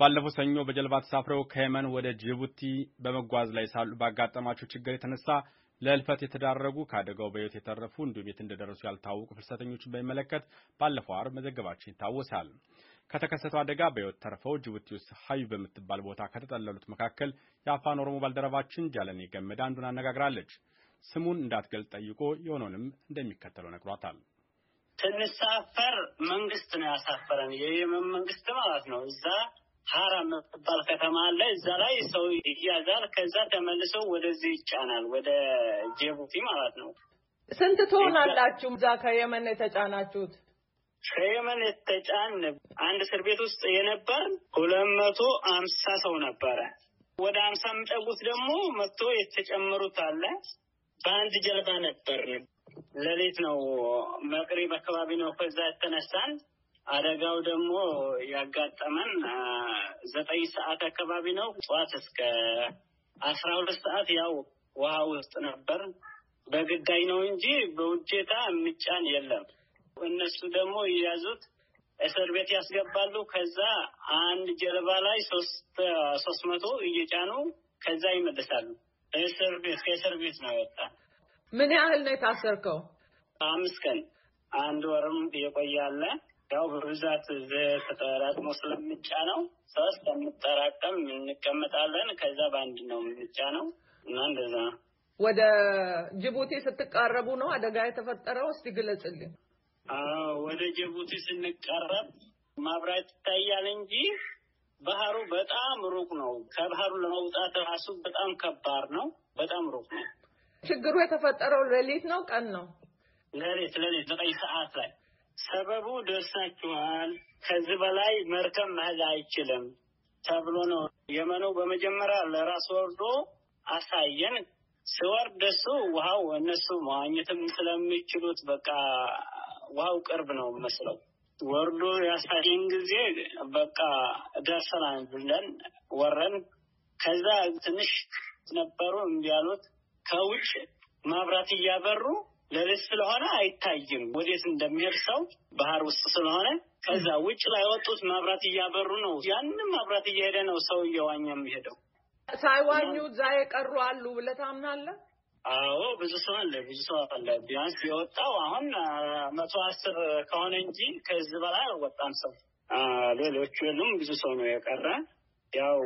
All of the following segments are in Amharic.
ባለፈው ሰኞ በጀልባ ተሳፍረው ከየመን ወደ ጅቡቲ በመጓዝ ላይ ሳሉ ባጋጠማቸው ችግር የተነሳ ለእልፈት የተዳረጉ ከአደጋው በሕይወት የተረፉ እንዲሁም የት እንደደረሱ ያልታወቁ ፍልሰተኞችን በሚመለከት ባለፈው አርብ መዘገባችን ይታወሳል። ከተከሰተው አደጋ በሕይወት ተርፈው ጅቡቲ ውስጥ ሀዩ በምትባል ቦታ ከተጠለሉት መካከል የአፋን ኦሮሞ ባልደረባችን ጃለኔ ገመዳ አንዱን አነጋግራለች። ስሙን እንዳትገልጽ ጠይቆ የሆነውንም እንደሚከተለው ነግሯታል። ስንሳፈር መንግስት ነው ያሳፈረን፣ የየመን መንግስት ማለት ነው። እዛ ሀራ የምትባል ከተማ አለ። እዛ ላይ ሰው ይያዛል። ከዛ ተመልሰው ወደዚህ ይጫናል፣ ወደ ጅቡቲ ማለት ነው። ስንት ትሆናላችሁ እዛ ከየመን የተጫናችሁት? ከየመን የተጫን አንድ እስር ቤት ውስጥ የነበር ሁለት መቶ አምሳ ሰው ነበረ። ወደ አምሳ የሚጠጉት ደግሞ መቶ የተጨመሩት አለ። በአንድ ጀልባ ነበር። ሌሊት ነው መቅሪብ አካባቢ ነው። ከዛ የተነሳን አደጋው ደግሞ ያጋጠመን ዘጠኝ ሰዓት አካባቢ ነው። ጠዋት እስከ አስራ ሁለት ሰዓት ያው ውሃ ውስጥ ነበር። በግዳይ ነው እንጂ በውዴታ የሚጫን የለም። እነሱ ደግሞ የያዙት እስር ቤት ያስገባሉ። ከዛ አንድ ጀልባ ላይ ሶስት ሶስት መቶ እየጫኑ ከዛ ይመልሳሉ። እስር ቤት ከእስር ቤት ነው ወጣ። ምን ያህል ነው የታሰርከው? አምስት ቀን አንድ ወርም የቆያለ ያው በብዛት ተጠራቅሞ ስለምጫ ነው ሶስት ከምጠራቀም እንቀመጣለን። ከዛ በአንድ ነው ምጫ ነው እና እንደዛ ነው። ወደ ጅቡቲ ስትቃረቡ ነው አደጋ የተፈጠረው? እስቲ ግለጽልኝ። ወደ ጅቡቲ ስንቀረብ ማብራት ይታያል እንጂ ባህሩ በጣም ሩቅ ነው። ከባህሩ ለመውጣት ራሱ በጣም ከባድ ነው። በጣም ሩቅ ነው። ችግሩ የተፈጠረው ሌሊት ነው ቀን ነው? ሌሊት ሌሊት ዘጠኝ ሰዓት ላይ ሰበቡ ደርሳችኋል፣ ከዚህ በላይ መርከብ መሄድ አይችልም ተብሎ ነው። የመኑ። በመጀመሪያ ለራስ ወርዶ አሳየን። ስወርድ እሱ ውሃው እነሱ መዋኘትም ስለሚችሉት በቃ ውሃው ቅርብ ነው መስለው ወርዶ ያሳየን ጊዜ በቃ ደርሰናል ብለን ወረን። ከዛ ትንሽ ነበሩ እምቢ ከውጭ ማብራት እያበሩ ለሌት ስለሆነ አይታይም። ወዴት እንደሚሄድ ሰው ባህር ውስጥ ስለሆነ ከዛ ውጭ ላይ ወጡት መብራት እያበሩ ነው። ያንም መብራት እየሄደ ነው ሰው እየዋኘ የሚሄደው። ሳይዋኙ እዛ የቀሩ አሉ ብለህ ታምናለህ? አዎ ብዙ ሰው አለ፣ ብዙ ሰው አለ። ቢያንስ የወጣው አሁን መቶ አስር ከሆነ እንጂ ከዚህ በላይ አልወጣም ሰው። ሌሎቹ የሉም፣ ብዙ ሰው ነው የቀረ። ያው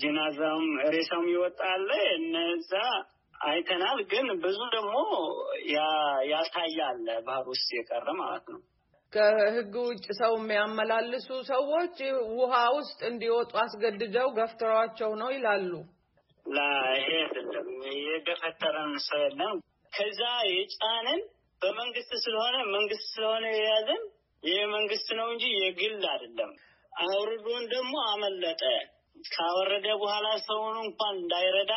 ጀናዛውም ሬሳም ይወጣ እነዛ አይተናል። ግን ብዙ ደግሞ ያሳያል ባህር ውስጥ የቀረ ማለት ነው። ከህግ ውጭ ሰው የሚያመላልሱ ሰዎች ውሃ ውስጥ እንዲወጡ አስገድደው ገፍትሯቸው ነው ይላሉ። ይሄ አይደለም። የገፈተረን ሰው የለም። ከዛ የጫንን በመንግስት ስለሆነ መንግስት ስለሆነ የያዘን ይህ መንግስት ነው እንጂ የግል አይደለም። አውርዶን ደግሞ አመለጠ። ካወረደ በኋላ ሰውን እንኳን እንዳይረዳ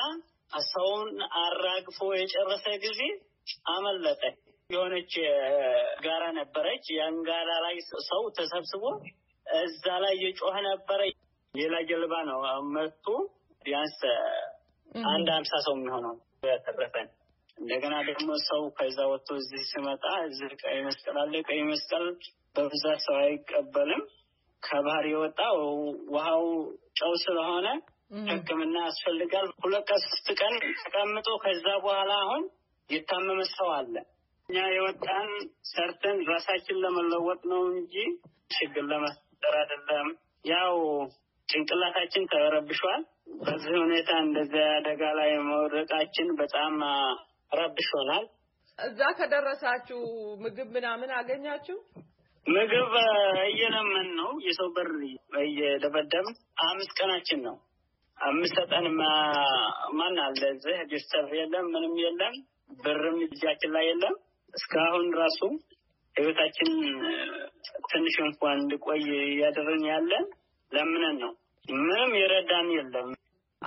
ሰውን አራግፎ የጨረሰ ጊዜ አመለጠ። የሆነች ጋራ ነበረች። ያን ጋራ ላይ ሰው ተሰብስቦ እዛ ላይ የጮኸ ነበረ። ሌላ ጀልባ ነው መቱ። ቢያንስ አንድ አምሳ ሰው የሚሆነው ያተረፈን። እንደገና ደግሞ ሰው ከዛ ወጥቶ እዚህ ሲመጣ እዚህ ቀይ መስቀል አለ። ቀይ መስቀል በብዛት ሰው አይቀበልም። ከባህር የወጣ ውሃው ጨው ስለሆነ ሕክምና ያስፈልጋል። ሁለት ቀስት ቀን ተቀምጦ ከዛ በኋላ አሁን የታመመ ሰው አለ። እኛ የወጣን ሰርተን ራሳችን ለመለወጥ ነው እንጂ ችግር ለመፍጠር አይደለም። ያው ጭንቅላታችን ተረብሿል። በዚህ ሁኔታ እንደዚያ አደጋ ላይ መውደቃችን በጣም ረብሾናል። እዛ ከደረሳችሁ ምግብ ምናምን አገኛችሁ? ምግብ እየለመን ነው የሰው በር እየደበደብን አምስት ቀናችን ነው። አምሰጠን ማን አለ እዚህ ዲስተር የለም ምንም የለም ብርም እጃችን ላይ የለም። እስካሁን ራሱ ህይወታችን ትንሽ እንኳን እንድቆይ እያደረን ያለን ለምነን ነው። ምንም የረዳን የለም።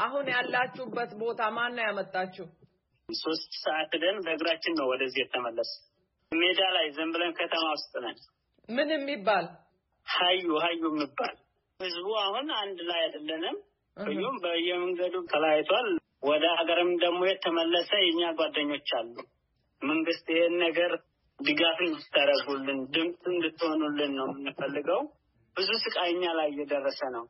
አሁን ያላችሁበት ቦታ ማን ነው ያመጣችሁ? ሶስት ሰዓት ደን በእግራችን ነው ወደዚህ የተመለስ። ሜዳ ላይ ዝም ብለን ከተማ ውስጥ ነን። ምን የሚባል ሀዩ ሀዩ የሚባል ህዝቡ አሁን አንድ ላይ አይደለንም። ስዩም በየመንገዱ ተለያይቷል። ወደ ሀገርም ደግሞ የተመለሰ የእኛ ጓደኞች አሉ። መንግስት ይሄን ነገር ድጋፍ እንድታደርጉልን ድምፅ እንድትሆኑልን ነው የምንፈልገው። ብዙ ስቃይ እኛ ላይ እየደረሰ ነው።